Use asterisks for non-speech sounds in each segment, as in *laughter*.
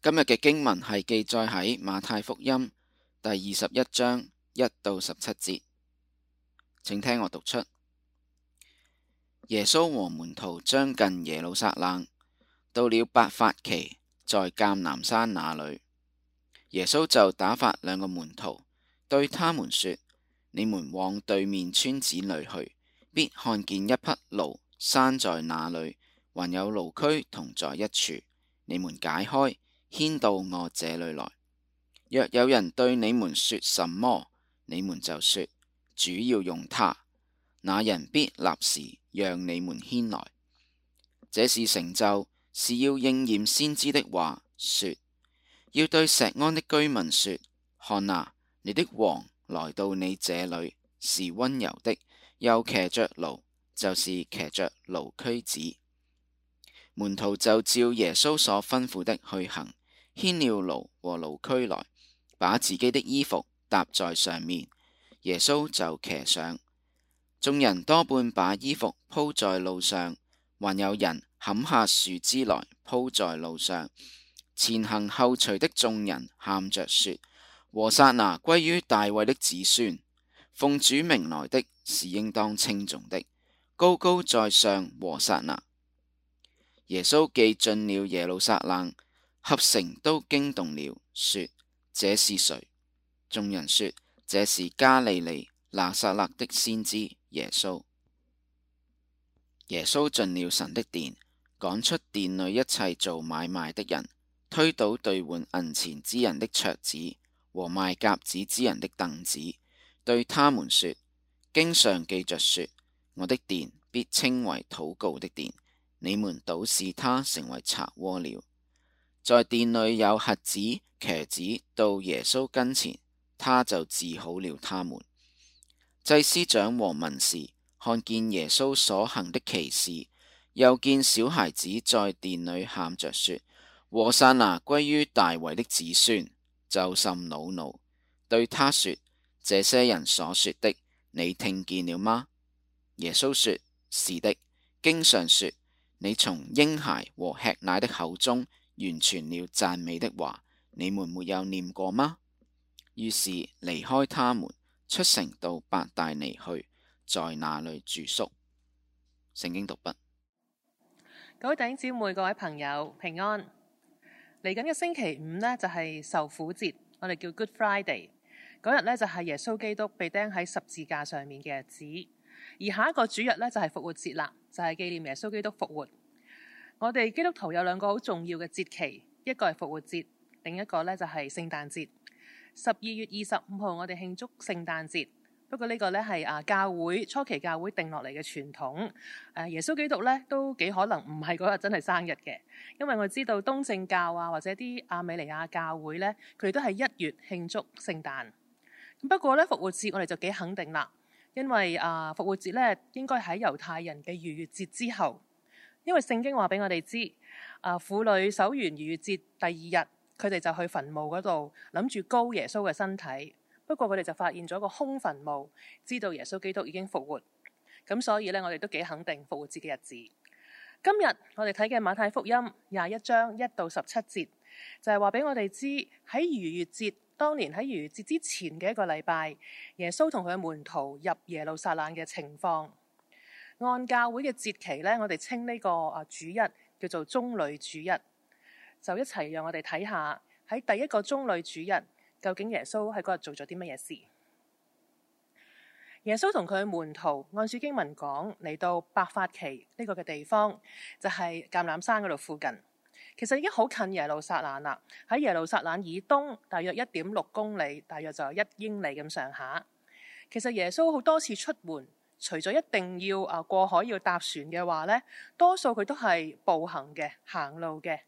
今日嘅經文係記載喺馬太福音第二十一章一到十七節，請聽我讀出：耶穌和門徒將近耶路撒冷，到了伯法其，在橄欖山那裏，耶穌就打發兩個門徒，對他們說：你們往對面村子裏去，必看見一匹驢拴在那裏，還有驢駒同在一處，你們解開。牽到我這裏來。若有人對你們說什麼，你們就說：主要用它。那人必立時讓你們牽來。這事成就，是要應驗先知的話。說要對錫安的居民說：看哪，你的王來到你這裏，是溫柔的，又騎着驢，就是騎着驢駒子。門徒就照耶穌所吩咐的去行。牽了驢和驢駒來，把自己的衣服搭在上面。耶穌就騎上。眾人多半把衣服鋪在路上，還有人砍下樹枝來鋪在路上。前行後隨的眾人喊着說：和散那歸於大衛的子孫，奉主名來的是應當稱頌的。高高在上和散那。耶穌既進了耶路撒冷。合城都驚動了，說：這是誰？眾人說：這是加利利拿撒勒的先知耶穌。耶穌進了神的殿，趕出殿裏一切做買賣的人，推倒兌換銀錢之人的桌子和賣鴿子之人的凳子，對他們說：經上記著說：我的殿必稱為禱告的殿，你們倒使他成為賊窩了。在殿裏有瞎子、瘸子到耶穌跟前，他就治好了他們。祭司長和文士看見耶穌所行的奇事，又見小孩子在殿裏喊着說：和散那，歸於大衛的子孫，就甚惱怒，對他說：這些人所說的，你聽見了嗎？耶穌說：是的，經常說，你從嬰孩和吃奶的口中。完全了讚美的話，你們沒有念過嗎？於是離開他們，出城到伯大尼去，在那裏住宿。聖經讀畢。各位弟兄姊妹，各位朋友平安。嚟緊嘅星期五呢，就係受苦節，我哋叫 Good Friday，嗰日呢，就係耶穌基督被釘喺十字架上面嘅日子。而下一個主日呢，就係復活節啦，就係紀念耶穌基督復活。我哋基督徒有兩個好重要嘅節期，一個係復活節，另一個咧就係聖誕節。十二月二十五號我哋慶祝聖誕節，不過呢個咧係啊教會初期教會定落嚟嘅傳統。耶穌基督咧都幾可能唔係嗰日真係生日嘅，因為我知道東正教啊或者啲亞美尼亞教會咧，佢都係一月慶祝聖誕。不過咧復活節我哋就幾肯定啦，因為啊復活節咧應該喺猶太人嘅逾越節之後。因為聖經話俾我哋知，啊婦女守完逾越節第二日，佢哋就去墳墓嗰度諗住高耶穌嘅身體，不過佢哋就發現咗個空墳墓，知道耶穌基督已經復活。咁所以咧，我哋都幾肯定復活節嘅日子。今日我哋睇嘅馬太福音廿一章一到十七節，就係話俾我哋知喺逾越節當年喺逾越節之前嘅一個禮拜，耶穌同佢嘅門徒入耶路撒冷嘅情況。按教會嘅節期咧，我哋稱呢個啊主日叫做棕櫚主日，就一齊讓我哋睇下喺第一個棕櫚主日，究竟耶穌喺嗰日做咗啲乜嘢事？耶穌同佢門徒按住經文講，嚟到伯法其呢個嘅地方，就係、是、橄欖山嗰度附近。其實已經好近耶路撒冷啦，喺耶路撒冷以東大約一點六公里，大約就有一英里咁上下。其實耶穌好多次出門。除咗一定要啊過海要搭船嘅話咧，多數佢都係步行嘅、行路嘅。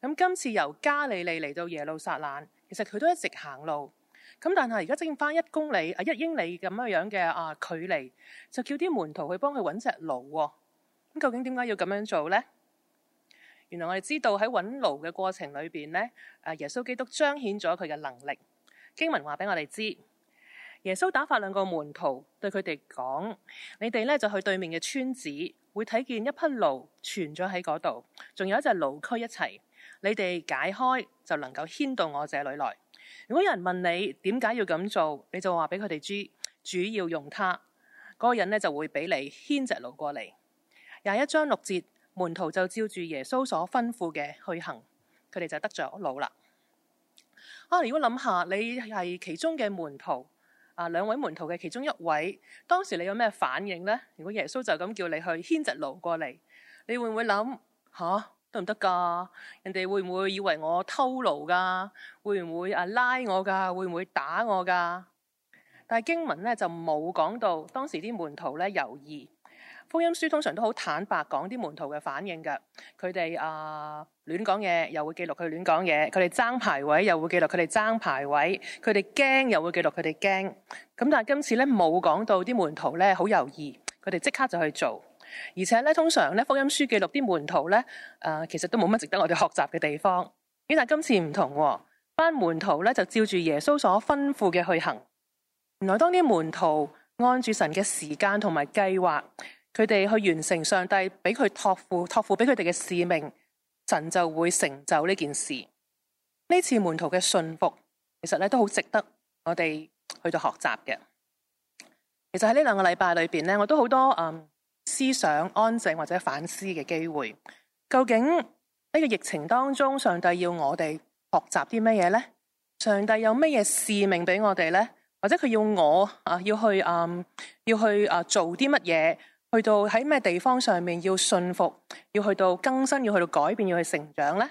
咁今次由加利利嚟到耶路撒冷，其實佢都一直行路。咁但係而家剩翻一公里啊一英里咁樣樣嘅啊距離，就叫啲門徒去幫佢揾隻驢。咁究竟點解要咁樣做咧？原來我哋知道喺揾驢嘅過程裏邊咧，啊耶穌基督彰顯咗佢嘅能力。經文話俾我哋知。耶穌打發兩個門徒對佢哋講：你哋呢，就去對面嘅村子，會睇見一匹驢存咗喺嗰度，仲有一隻驢駒一齊。你哋解開就能夠牽到我這裡來。如果有人問你點解要咁做，你就話俾佢哋知，主要用它。嗰、那個人呢，就會俾你牽隻驢過嚟。廿一章六節，門徒就照住耶穌所吩咐嘅去行，佢哋就得着驢啦。啊，如果諗下你係其中嘅門徒。啊！兩位門徒嘅其中一位，當時你有咩反應呢？如果耶穌就咁叫你去牽隻驢過嚟，你會唔會諗吓？得唔得㗎？人哋會唔會以為我偷驢㗎？會唔會啊拉我㗎？會唔會打我㗎？但係經文呢就冇講到當時啲門徒呢猶豫。福音書通常都好坦白講啲門徒嘅反應㗎，佢哋啊亂講嘢，又會記錄佢亂講嘢；佢哋爭排位，又位，又會記錄佢哋爭排位；佢哋驚，又會記錄佢哋驚。咁但係今次咧冇講到啲門徒咧好猶豫，佢哋即刻就去做。而且咧通常咧福音書記錄啲門徒咧，誒、呃、其實都冇乜值得我哋學習嘅地方。咁但係今次唔同、啊，班門徒咧就照住耶穌所吩咐嘅去行。原來當啲門徒按住神嘅時間同埋計劃。佢哋去完成上帝畀佢託付託付畀佢哋嘅使命，神就會成就呢件事。呢次門徒嘅信服，其實咧都好值得我哋去到學習嘅。其實喺呢兩個禮拜裏邊咧，我都好多嗯思想安靜或者反思嘅機會。究竟呢個疫情當中，上帝要我哋學習啲乜嘢咧？上帝有乜嘢使命俾我哋咧？或者佢要我啊要去啊、嗯、要去啊做啲乜嘢？去到喺咩地方上面要信服，要去到更新，要去到改變，要去成長咧。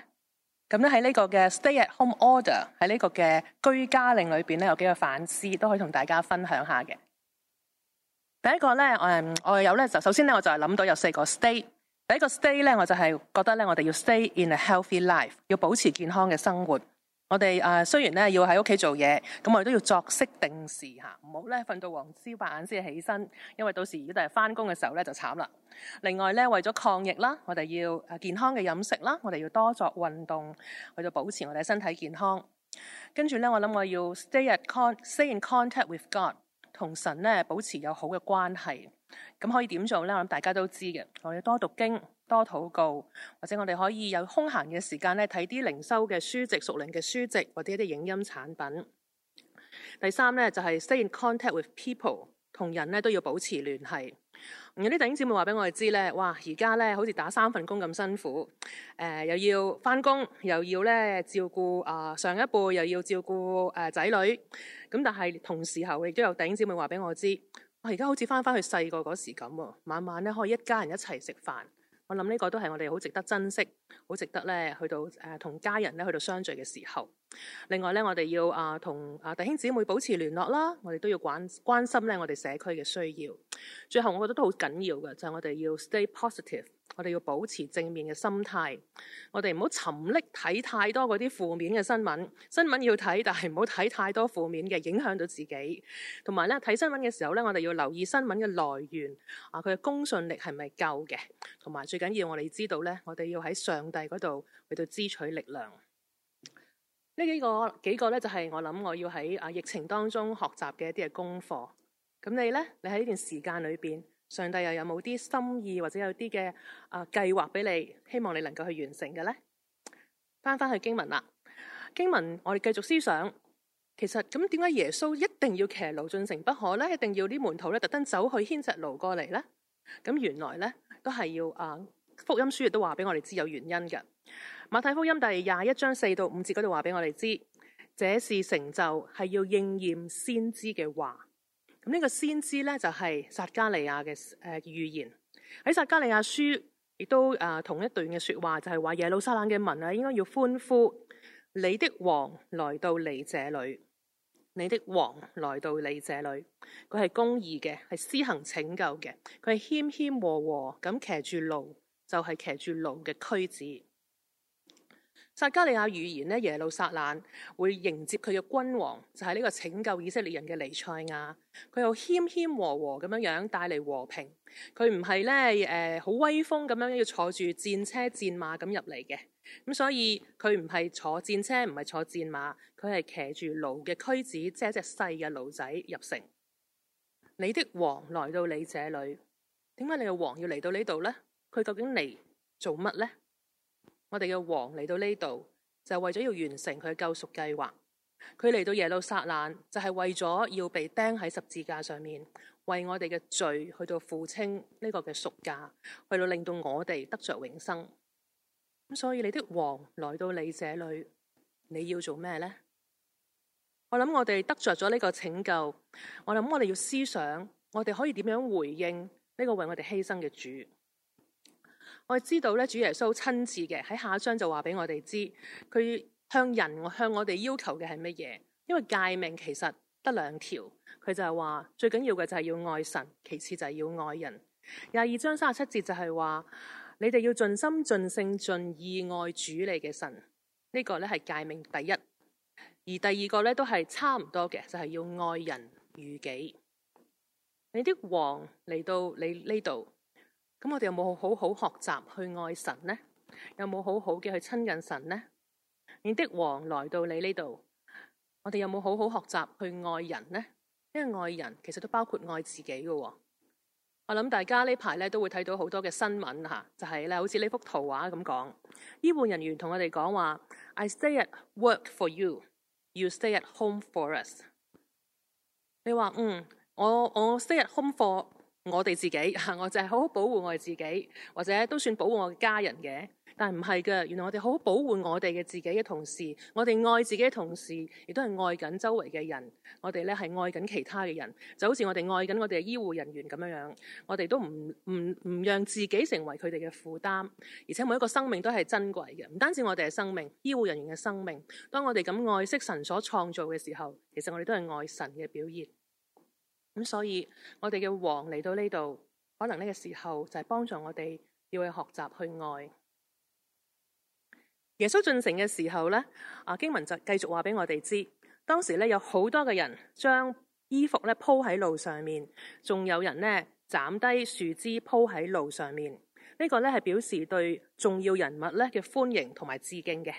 咁咧喺呢個嘅 Stay at Home Order 喺呢個嘅居家令裏邊咧，有幾個反思都可以同大家分享下嘅。第一個咧，誒，我有咧就首先咧我就係諗到有四個 Stay。第一個 Stay 咧，我就係覺得咧，我哋要 Stay in a healthy life，要保持健康嘅生活。我哋誒、呃，雖然要喺屋企做嘢，咁我哋都要作息定時，唔好瞓到黃朝白眼先起身，因為到時如果第日返工嘅時候咧就慘啦。另外咧，為咗抗疫啦，我哋要健康嘅飲食啦，我哋要多作運動，為咗保持我哋嘅身體健康。跟住咧，我諗我要 stay in con, stay in contact with God，同神咧保持有好嘅關係。咁可以點做呢？我諗大家都知嘅，我要多讀經。多禱告，或者我哋可以有空閒嘅時間咧，睇啲靈修嘅書籍、屬靈嘅書籍，或者一啲影音產品。第三呢，就係、是、stay in contact with people，同人呢都要保持聯繫。有啲頂姐妹話俾我哋知呢：「哇！而家呢好似打三份工咁辛苦，誒又要翻工，又要咧照顧啊、呃、上一輩，又要照顧誒仔女。咁但係同時候亦都有頂姐妹話俾我知，我而家好似翻返去細個嗰時咁喎，晚晚呢可以一家人一齊食飯。我諗呢個都係我哋好值得珍惜、好值得呢去到誒，呃，同家人呢去到相聚嘅時候。另外呢，我哋要啊同啊弟兄姊妹保持聯絡啦，我哋都要關關心呢我哋社區嘅需要。最後，我覺得都好緊要嘅，就係、是、我哋要 stay positive。我哋要保持正面嘅心態，我哋唔好沉溺睇太多嗰啲負面嘅新聞。新聞要睇，但係唔好睇太多負面嘅，影響到自己。同埋咧，睇新聞嘅時候咧，我哋要留意新聞嘅來源啊，佢嘅公信力係咪夠嘅？同埋最緊要，我要，我哋知道咧，我哋要喺上帝嗰度去到支取力量。呢幾個幾個咧，就係、是、我諗我要喺啊疫情當中學習嘅一啲嘅功課。咁你咧，你喺呢段時間裏邊。上帝又有冇啲心意或者有啲嘅啊計劃俾你，希望你能夠去完成嘅咧？返返去經文啦，經文我哋繼續思想。其實咁點解耶穌一定要騎驢進城不可咧？一定要啲門徒咧特登走去牽隻驢過嚟咧？咁原來咧都係要啊福音書亦都話俾我哋知有原因嘅。馬太福音第廿一章四到五節嗰度話俾我哋知，這事成就係要應驗先知嘅話。咁呢個先知呢，就係撒加利亞嘅誒預言，喺撒加利亞書亦都同一段嘅説話，就係、是、話耶路撒冷嘅民啊，應該要歡呼，你的王來到你這裏，你的王來到你這裏，佢係公義嘅，係施行拯救嘅，佢係謙謙和和咁騎住驢，就係、是、騎住驢嘅駒子。撒迦利亞預言咧，耶路撒冷會迎接佢嘅君王，就係呢個拯救以色列人嘅彌賽亞。佢又謙謙和和咁樣樣帶嚟和平。佢唔係呢誒，好威風咁樣要坐住戰車戰馬咁入嚟嘅。咁所以佢唔係坐戰車，唔係坐戰馬，佢係騎住驢嘅駒子，即係一隻細嘅驢仔入城。你的王來到你這裏，點解你嘅王要嚟到呢度呢？佢究竟嚟做乜呢？我哋嘅王嚟到呢度就是、為咗要完成佢嘅救贖計劃，佢嚟到耶路撒冷就係、是、為咗要被釘喺十字架上面，為我哋嘅罪去到付清呢個嘅贖價，去到令到我哋得着永生。咁所以你的王來到你這裡，你要做咩呢？我諗我哋得着咗呢個拯救，我諗我哋要思想，我哋可以點樣回應呢個為我哋犧牲嘅主。我知道咧，主耶穌親自嘅喺下一章就話俾我哋知，佢向人，我向我哋要求嘅係乜嘢？因為誡命其實得兩條，佢就係話最緊要嘅就係要愛神，其次就係要愛人。廿二章三十七節就係話，你哋要盡心盡性盡意愛主你嘅神，呢個咧係誡命第一。而第二個咧都係差唔多嘅，就係要愛人如己。你啲王嚟到你呢度。咁我哋有冇好好學習去愛神呢？有冇好好嘅，去親近神呢？你的王來到你呢度，我哋有冇好好學習去愛人呢？因為愛人其實都包括愛自己㗎喎。我諗大家呢排咧都會睇到好多嘅新聞吓，就係咧好似呢幅圖畫咁講，醫護人員同我哋講話：I stay at work for you, you stay at home for us。你話嗯，我我 stay at home for。我哋自己，我就係好好保護我哋自己，或者都算保護我嘅家人嘅。但唔係㗎，原來我哋好好保護我哋嘅自己嘅同時，我哋愛自己嘅同時，亦都係愛緊周圍嘅人。我哋呢係愛緊其他嘅人，就好似我哋愛緊我哋嘅醫護人員咁樣。我哋都唔唔唔讓自己成為佢哋嘅負擔，而且每一個生命都係珍貴嘅，唔單止我哋嘅生命，醫護人員嘅生命。當我哋咁愛惜神所創造嘅時候，其實我哋都係愛神嘅表現。咁所以我哋嘅王嚟到呢度，可能呢個時候就係幫助我哋要去學習去愛。耶穌進城嘅時候咧，啊經文就繼續話俾我哋知，當時咧有好多嘅人將衣服咧鋪喺路上面，仲有人咧斬低樹枝鋪喺路上面，呢個咧係表示對重要人物咧嘅歡迎同埋致敬嘅。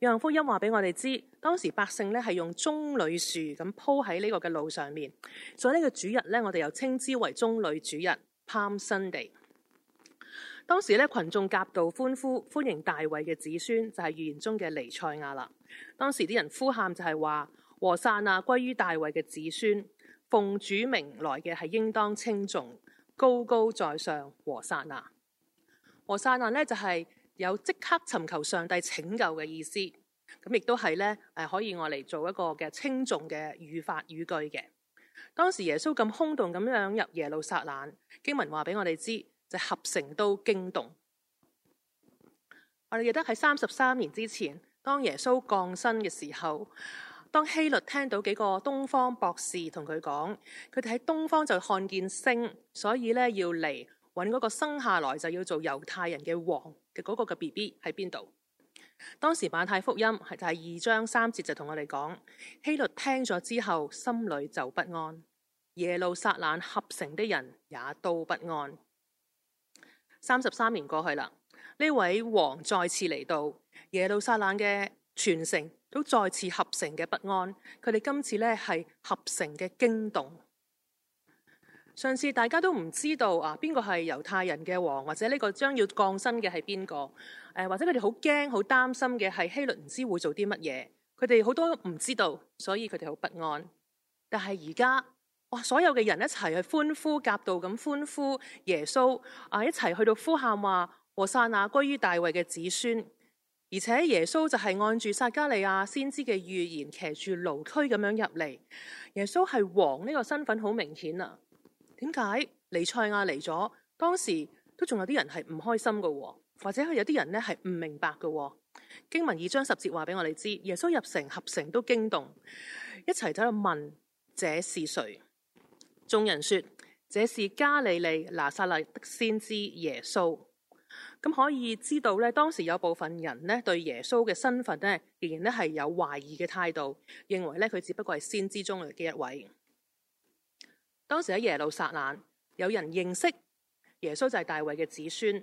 讓福音話俾我哋知，當時百姓咧係用棕櫚樹咁鋪喺呢個嘅路上面。所以呢個主日咧，我哋又稱之為棕櫚主日。Palm Sunday 當時咧，羣眾夾道歡呼，歡迎大衛嘅子孫，就係預言中嘅彌賽亞啦。當時啲人呼喊就係話：和散那歸於大衛嘅子孫，奉主名來嘅係應當稱頌，高高在上和散那。和散那咧就係有即刻尋求上帝拯救嘅意思，咁亦都係咧，誒可以我嚟做一個嘅輕重嘅語法語句嘅。當時耶穌咁空洞咁樣入耶路撒冷，經文話畀我哋知，就是、合城都驚動。我哋記得喺三十三年之前，當耶穌降生嘅時候，當希律聽到幾個東方博士同佢講，佢哋喺東方就看見星，所以咧要嚟搵嗰個生下來就要做猶太人嘅王。嗰個嘅 BB 喺邊度？當時馬太福音係就係、是、二章三節就同我哋講，希律聽咗之後心裏就不安，耶路撒冷合城的人也都不安。三十三年過去啦，呢位王再次嚟到耶路撒冷嘅全城都再次合城嘅不安，佢哋今次呢係合城嘅驚動。上次大家都唔知道啊，邊個係猶太人嘅王，或者呢個將要降生嘅係邊個？誒、呃，或者佢哋好驚好擔心嘅係希律唔知會做啲乜嘢？佢哋好多唔知道，所以佢哋好不安。但係而家哇，所有嘅人一齊去歡呼夾道咁歡呼耶穌啊！一齊去到呼喊話：和散那歸於大衛嘅子孫。而且耶穌就係按住撒加利亞先知嘅預言，騎住驢駒咁樣入嚟。耶穌係王呢個身份好明顯啊！點解尼賽亞嚟咗，當時都仲有啲人係唔開心噶，或者佢有啲人咧係唔明白噶。經文二章十節話俾我哋知，耶穌入城合城都驚動，一齊走去問這是誰。眾人說這是加利利拿撒勒的先知耶穌。咁、嗯、可以知道咧，當時有部分人呢對耶穌嘅身份呢仍然咧係有懷疑嘅態度，認為咧佢只不過係先知中嘅一位。當時喺耶路撒冷，有人認識耶穌就係大衛嘅子孫，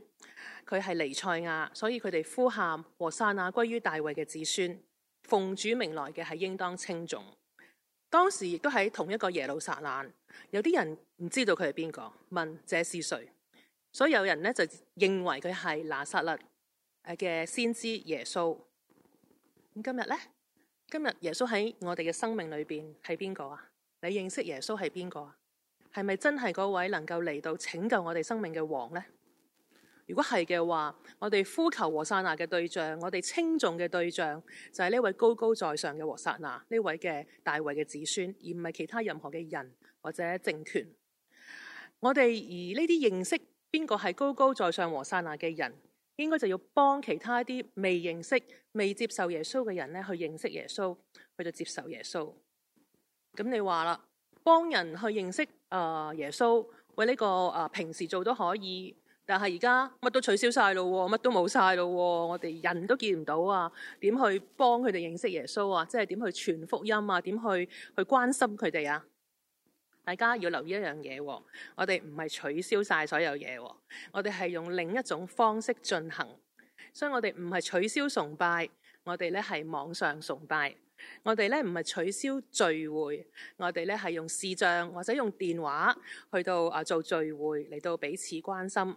佢係彌賽亞，所以佢哋呼喊和散那、啊、歸於大衛嘅子孫，奉主名來嘅係應當稱頌。當時亦都喺同一個耶路撒冷，有啲人唔知道佢係邊個，問這是誰，所以有人咧就認為佢係拿撒勒誒嘅先知耶穌。咁今日咧，今日耶穌喺我哋嘅生命裏邊係邊個啊？你認識耶穌係邊個啊？係咪真係嗰位能夠嚟到拯救我哋生命嘅王呢？如果係嘅話，我哋呼求和散那嘅對象，我哋稱頌嘅對象就係呢位高高在上嘅和散那呢位嘅大衛嘅子孫，而唔係其他任何嘅人或者政權。我哋而呢啲認識邊個係高高在上和散那嘅人，應該就要幫其他啲未認識、未接受耶穌嘅人咧去認識耶穌，去到接受耶穌。咁你話啦，幫人去認識。啊！耶穌，喂！呢個啊，平時做都可以，但係而家乜都取消晒咯，乜都冇晒咯，我哋人都見唔到啊，點去幫佢哋認識耶穌啊？即係點去傳福音啊？點去去關心佢哋啊？大家要留意一樣嘢，我哋唔係取消晒所有嘢，我哋係用另一種方式進行，所以我哋唔係取消崇拜，我哋咧係網上崇拜。我哋咧唔係取消聚會，我哋咧係用視像或者用電話去到啊做聚會嚟到彼此關心。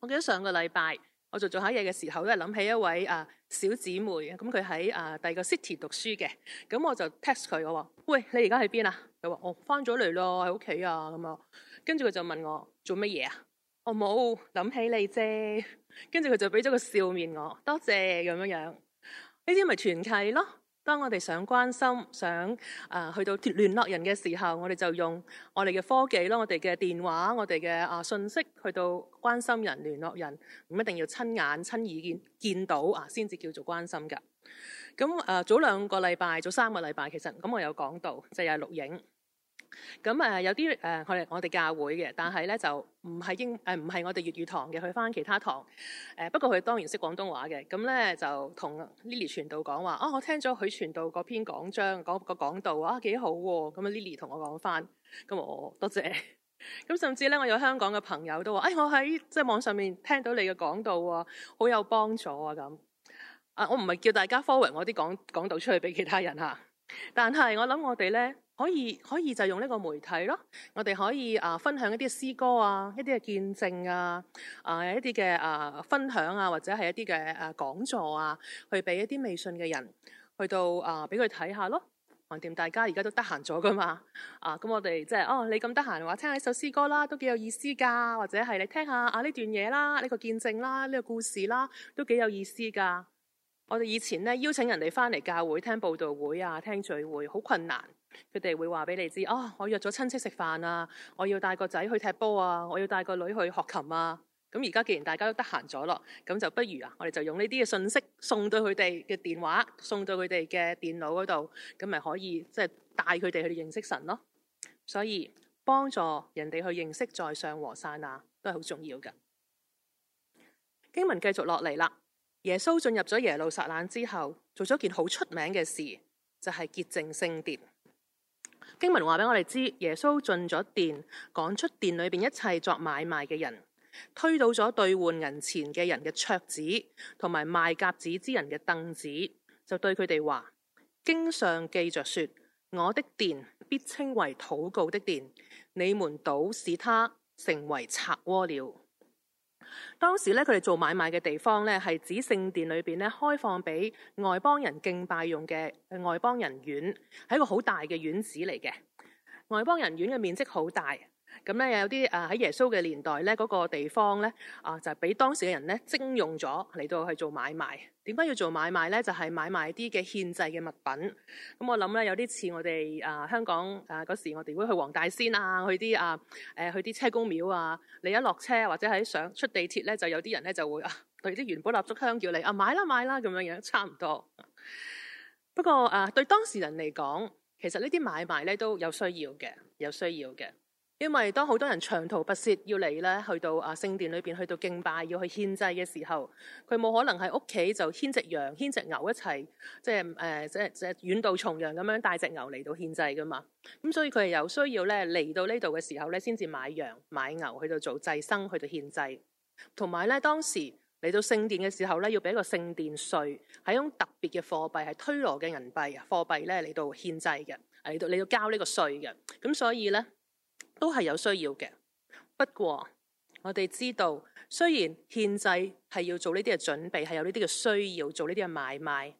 我記得上個禮拜我做做下嘢嘅時候咧，諗起一位啊小姊妹，咁佢喺啊第二個 city 讀書嘅，咁我就 text 佢，我話喂，你而家喺邊啊？佢話哦，翻咗嚟咯，喺屋企啊咁啊。跟住佢就問我做乜嘢啊？我冇諗起你啫。跟住佢就俾咗個笑面我，多謝咁樣樣呢啲咪團契咯。當我哋想關心、想啊、呃、去到聯絡人嘅時候，我哋就用我哋嘅科技、我哋嘅電話、我哋嘅啊信息去到關心人、聯絡人，唔一定要親眼親耳見見到啊，先至叫做關心嘅。咁、嗯、啊、呃，早兩個禮拜、早三個禮拜，其實咁、嗯、我有講到，就係、是、錄影。咁誒、嗯，有啲誒、呃，我哋我哋教會嘅，但係咧就唔係英誒，唔、呃、係我哋粵語堂嘅，去翻其他堂。誒、呃，不過佢當然識廣東話嘅。咁咧就同 Lily 傳道講話，啊，我聽咗許傳道嗰篇講章，講個講道，哇、啊，幾好喎、啊。咁、嗯、Lily 同我講翻，咁、啊、我多謝。咁 *laughs* 甚至咧，我有香港嘅朋友都話，誒、哎，我喺即係網上面聽到你嘅講道啊，好有幫助啊，咁。啊，我唔係叫大家 forward 我啲講講道出去俾其他人吓、啊，但係我諗我哋咧。可以可以就用呢個媒體咯，我哋可以、呃、分享一啲詩歌啊，一啲嘅見證啊，啊、呃、一啲嘅啊分享啊，或者係一啲嘅誒講座啊，去俾一啲未信嘅人去到啊俾佢睇下咯。橫掂大家而家都得閒咗㗎嘛，啊，咁我哋即係哦你咁得閒話聽一下呢首詩歌啦，都幾有意思㗎。或者係你聽下啊呢段嘢啦，呢、呢個見證啦，呢、呢個故事啦，都幾有意思㗎。我哋以前咧邀請人哋翻嚟教會聽報道會啊，聽聚會好困難。佢哋會話俾你知，哦，我約咗親戚食飯啊，我要帶個仔去踢波啊，我要帶個女去學琴啊。咁而家既然大家都得閒咗咯，咁就不如啊，我哋就用呢啲嘅信息，送到佢哋嘅電話，送到佢哋嘅電腦嗰度，咁咪可以即係、就是、帶佢哋去認識神咯。所以幫助人哋去認識在上和散那啊，都係好重要噶。經文繼續落嚟啦。耶穌進入咗耶路撒冷之後，做咗件好出名嘅事，就係、是、潔淨聖殿。經文話畀我哋知，耶穌進咗殿，趕出殿裏邊一切作買賣嘅人，推倒咗兌換銀錢嘅人嘅桌子，同埋賣鴿子之人嘅凳子，就對佢哋話：經上記着說，我的殿必稱為禱告的殿，你們倒使他成為賊窩了。當時咧，佢哋做買賣嘅地方咧，係指聖殿裏邊咧開放俾外邦人敬拜用嘅外邦人院，係一個好大嘅院子嚟嘅。外邦人院嘅面積好大。咁咧有啲啊喺耶穌嘅年代咧嗰個地方咧啊就俾當時嘅人咧徵用咗嚟，到去做買賣。點解要做買賣咧？就係買賣啲嘅獻祭嘅物品。咁我諗咧有啲似我哋啊香港啊嗰時我哋會去黃大仙啊去啲啊誒去啲車公廟啊。你一落車或者喺上出地鐵咧，就有啲人咧就會啊對啲元寶蠟燭香，叫你啊買啦買啦咁樣樣，差唔多。不過啊對當事人嚟講，其實呢啲買賣咧都有需要嘅，有需要嘅。因為當好多人長途跋涉要嚟，咧，去到啊聖殿裏邊去到敬拜，要去獻祭嘅時候，佢冇可能喺屋企就牽隻羊、牽隻牛一齊，即係誒、呃，即係即係遠道重洋咁樣帶隻牛嚟到獻祭噶嘛。咁所以佢係有需要咧嚟到呢度嘅時候咧，先至買羊買牛去到做祭牲，去到獻祭。同埋咧，當時嚟到聖殿嘅時候咧，要俾一個聖殿稅，係一種特別嘅貨幣，係推羅嘅銀幣啊，貨幣咧嚟到獻祭嘅，嚟到嚟到交呢個稅嘅。咁所以咧。都係有需要嘅，不過我哋知道，雖然獻祭係要做呢啲嘅準備，係有呢啲嘅需要做呢啲嘅買賣，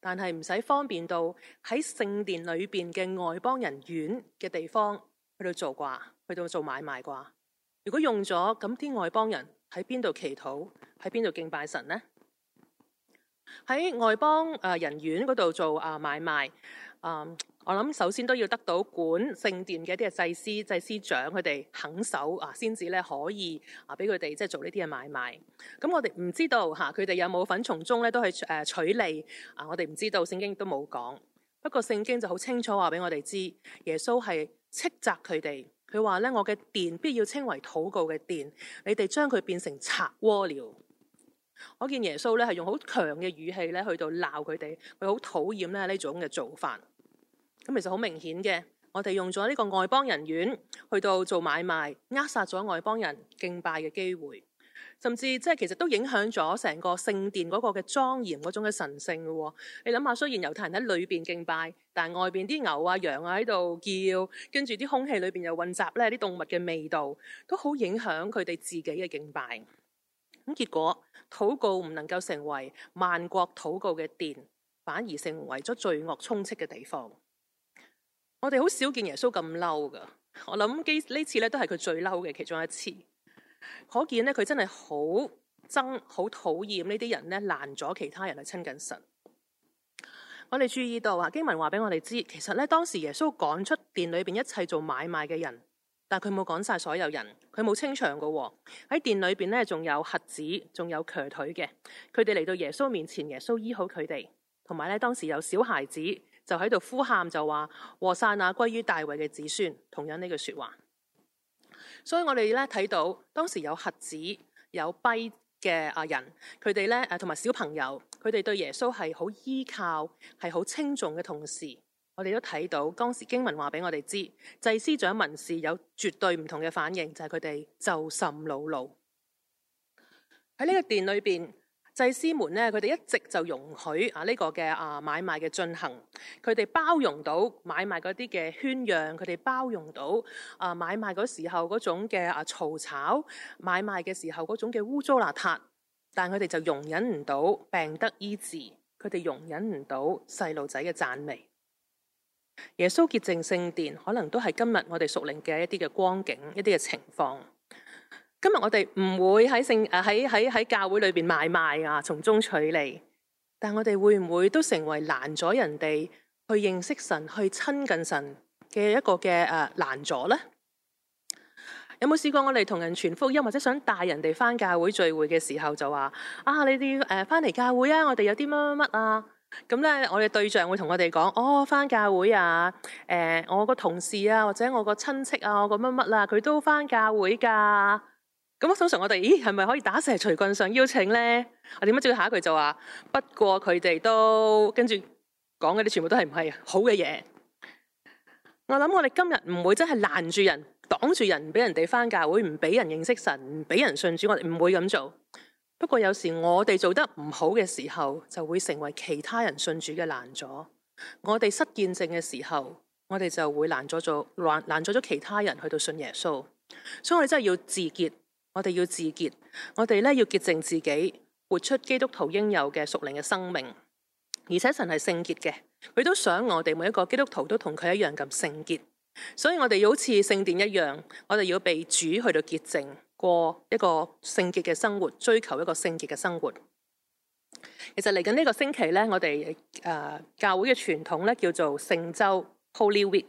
但係唔使方便到喺聖殿裏邊嘅外邦人院嘅地方去到做啩。去到做買賣啩？如果用咗，咁啲外邦人喺邊度祈禱，喺邊度敬拜神呢？喺外邦啊人院嗰度做啊買賣啊。嗯我諗首先都要得到管聖殿嘅一啲嘅祭司、祭司長佢哋肯守啊，先至咧可以啊俾佢哋即係做呢啲嘅買賣。咁我哋唔知道吓，佢哋有冇份從中咧都係誒取利啊？我哋唔知道，聖經亦都冇講。不過聖經就好清楚話俾我哋知，耶穌係斥責佢哋。佢話咧，我嘅殿必要稱為禱告嘅殿，你哋將佢變成賊窩了。我見耶穌咧係用好強嘅語氣咧去到鬧佢哋，佢好討厭咧呢種嘅做法。咁其實好明顯嘅，我哋用咗呢個外邦人院去到做買賣，扼殺咗外邦人敬拜嘅機會，甚至即係其實都影響咗成個聖殿嗰個嘅莊嚴嗰種嘅神聖嘅。你諗下，雖然猶太人喺裏邊敬拜，但係外邊啲牛啊、羊啊喺度叫，跟住啲空氣裏邊又混雜咧啲動物嘅味道，都好影響佢哋自己嘅敬拜。咁結果，禱告唔能夠成為萬國禱告嘅殿，反而成為咗罪惡充斥嘅地方。我哋好少見耶穌咁嬲噶，我諗機呢次咧都係佢最嬲嘅其中一次，可見咧佢真係好憎、好討厭呢啲人咧攔咗其他人嚟親近神。我哋注意到啊，經文話俾我哋知，其實咧當時耶穌趕出殿裏邊一切做買賣嘅人，但佢冇趕晒所有人，佢冇清場噶喎。喺殿裏邊咧仲有瞎子，仲有瘸腿嘅，佢哋嚟到耶穌面前，耶穌醫好佢哋。同埋咧，當時有小孩子。就喺度呼喊就，就話和散那歸於大衛嘅子孫，同樣呢句說話。所以我哋咧睇到當時有瞎子、有跛嘅阿人，佢哋咧誒同埋小朋友，佢哋對耶穌係好依靠，係好輕重嘅。同時，我哋都睇到當時經文話俾我哋知，祭司長、文士有絕對唔同嘅反應，就係佢哋就甚惱怒喺呢個殿裏邊。祭司們咧，佢哋一直就容許啊呢個嘅啊買賣嘅進行，佢哋包容到買賣嗰啲嘅喧嚷，佢哋包容到啊買賣嗰時候嗰種嘅啊嘈吵，買賣嘅時候嗰種嘅污糟邋遢，但係佢哋就容忍唔到病得醫治，佢哋容忍唔到細路仔嘅讚美。耶穌潔淨聖殿，可能都係今日我哋熟練嘅一啲嘅光景，一啲嘅情況。今日我哋唔會喺聖誒喺喺喺教會裏邊買賣啊，從中取利。但我哋會唔會都成為難阻人哋去認識神、去親近神嘅一個嘅誒難阻呢？有冇試過我哋同人傳福音或者想帶人哋翻教會聚會嘅時候就話啊，你哋誒翻嚟教會啊，我哋有啲乜乜乜啊？咁咧我哋對象會同我哋講，哦，翻教會啊，誒、呃，我個同事啊或者我個親戚啊，我乜乜乜啦，佢都翻教會噶。咁通常我哋，咦，係咪可以打蛇隨棍上邀請呢？我點解最下一句話就話，不過佢哋都跟住講嗰啲全部都係唔係好嘅嘢。我諗我哋今日唔會真係攔住人、擋住人，俾人哋返教會，唔俾人認識神，唔俾人信主。我哋唔會咁做。不過有時我哋做得唔好嘅時候，就會成為其他人信主嘅攔阻。我哋失見證嘅時候，我哋就會攔阻咗做攔攔阻咗咗其他人去到信耶穌。所以我哋真係要自潔。我哋要自潔，我哋咧要潔淨自己，活出基督徒應有嘅屬靈嘅生命。而且神係聖潔嘅，佢都想我哋每一個基督徒都同佢一樣咁聖潔。所以我哋好似聖殿一樣，我哋要被主去到潔淨，過一個聖潔嘅生活，追求一個聖潔嘅生活。其實嚟緊呢個星期呢，我哋誒、呃、教會嘅傳統咧叫做聖周 （Holy Week）。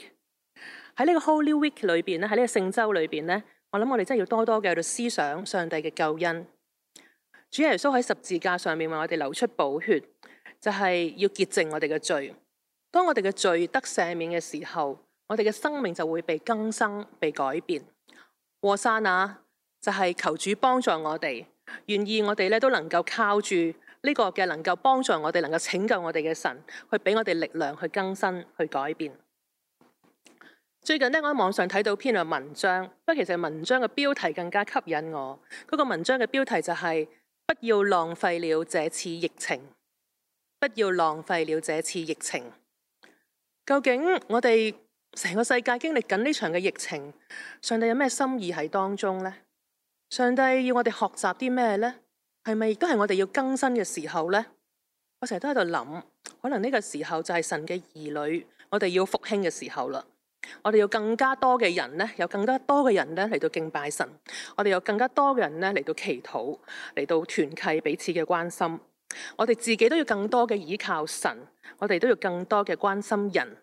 喺呢個 Holy Week 裏邊咧，喺呢個聖周裏邊呢。我諗我哋真係要多多嘅去思想上帝嘅救恩。主耶穌喺十字架上面為我哋流出寶血，就係要潔淨我哋嘅罪。當我哋嘅罪得赦免嘅時候，我哋嘅生命就會被更新、被改變。和散那，就係求主幫助我哋，願意我哋咧都能夠靠住呢個嘅能夠幫助我哋、能夠拯救我哋嘅神，去俾我哋力量去更新、去改變。最近咧，我喺網上睇到篇啊文章，不過其實文章嘅標題更加吸引我。嗰個文章嘅標題就係：不要浪費了這次疫情，不要浪費了這次疫情。究竟我哋成個世界經歷緊呢場嘅疫情，上帝有咩心意喺當中呢？上帝要我哋學習啲咩呢？係咪亦都係我哋要更新嘅時候呢？我成日都喺度諗，可能呢個時候就係神嘅兒女，我哋要復興嘅時候啦。我哋要更加多嘅人咧，有更加多嘅人咧嚟到敬拜神；我哋有更加多嘅人咧嚟到祈禱，嚟到團契彼此嘅關心；我哋自己都要更多嘅依靠神；我哋都要更多嘅關心人。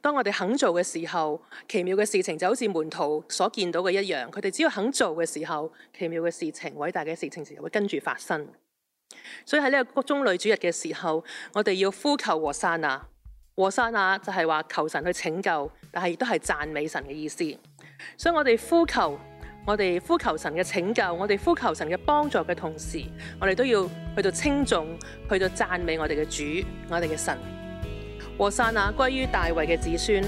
當我哋肯做嘅時候，奇妙嘅事情就好似門徒所見到嘅一樣，佢哋只要肯做嘅時候，奇妙嘅事情、偉大嘅事情，就會跟住發生。所以喺呢個棕櫚主日嘅時候，我哋要呼求和散那、啊。和散那，就係話求神去拯救，但係亦都係讚美神嘅意思。所以我哋呼求，我哋呼求神嘅拯救，我哋呼求神嘅幫助嘅同時，我哋都要去到稱頌，去到讚美我哋嘅主，我哋嘅神。和散那，歸於大衛嘅子孫，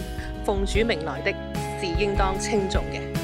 奉主名來的是應當稱頌嘅。